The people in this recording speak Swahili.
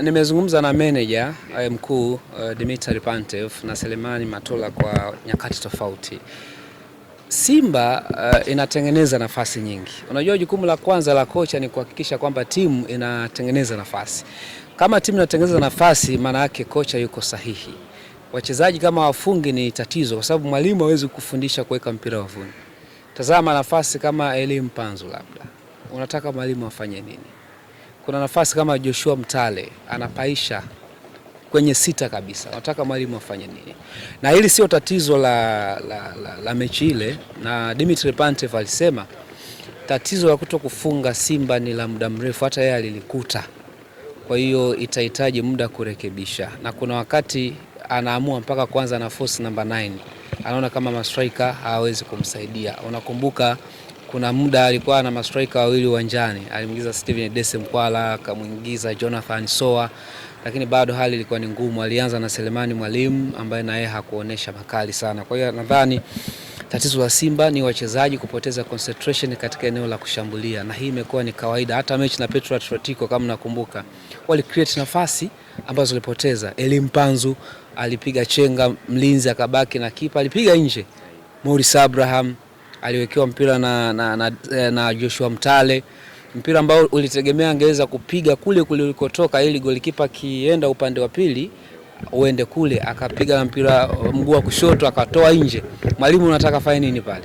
Nimezungumza na meneja eh, mkuu eh, Dimitri Pantev na Selemani Matola kwa nyakati tofauti. Simba uh, inatengeneza nafasi nyingi. Unajua, jukumu la kwanza la kocha ni kuhakikisha kwamba timu inatengeneza nafasi. Kama timu inatengeneza nafasi, maana yake kocha yuko sahihi. Wachezaji kama wafungi ni tatizo, kwa sababu mwalimu hawezi kufundisha kuweka mpira wavuni. Tazama nafasi kama Elim Panzu, labda unataka mwalimu afanye nini? kuna nafasi kama Joshua Mtale anapaisha kwenye sita kabisa, nataka mwalimu afanye nini? Na hili sio tatizo la, la, la, la mechi ile, na Dimitri Pantev alisema tatizo la kuto kufunga Simba ni la muda mrefu, hata yeye alilikuta. Kwa hiyo itahitaji muda kurekebisha, na kuna wakati anaamua mpaka kwanza na force namba 9 anaona kama mastrika hawezi kumsaidia. Unakumbuka kuna muda alikuwa na mastrika wawili uwanjani, alimuingiza Steven Dese Mkwala, akamwingiza Jonathan Soa, lakini bado hali ilikuwa ni ngumu. Alianza na Selemani Mwalimu ambaye naye hakuonesha makali sana. Kwa hiyo nadhani tatizo la Simba ni wachezaji kupoteza concentration katika eneo la kushambulia, na hii imekuwa ni kawaida. Hata mechi na Petro Atletico, kama nakumbuka, wali create nafasi ambazo walipoteza. Elim Panzu alipiga chenga, mlinzi akabaki na kipa alipiga nje. Morris Abraham aliwekewa mpira na, na, na, eh, na Joshua Mtale, mpira ambao ulitegemea angeweza kupiga kule kule ulikotoka, ili golikipa akienda upande wa pili uende kule, akapiga na mpira mguu wa kushoto akatoa nje. Mwalimu, unataka fanya nini pale?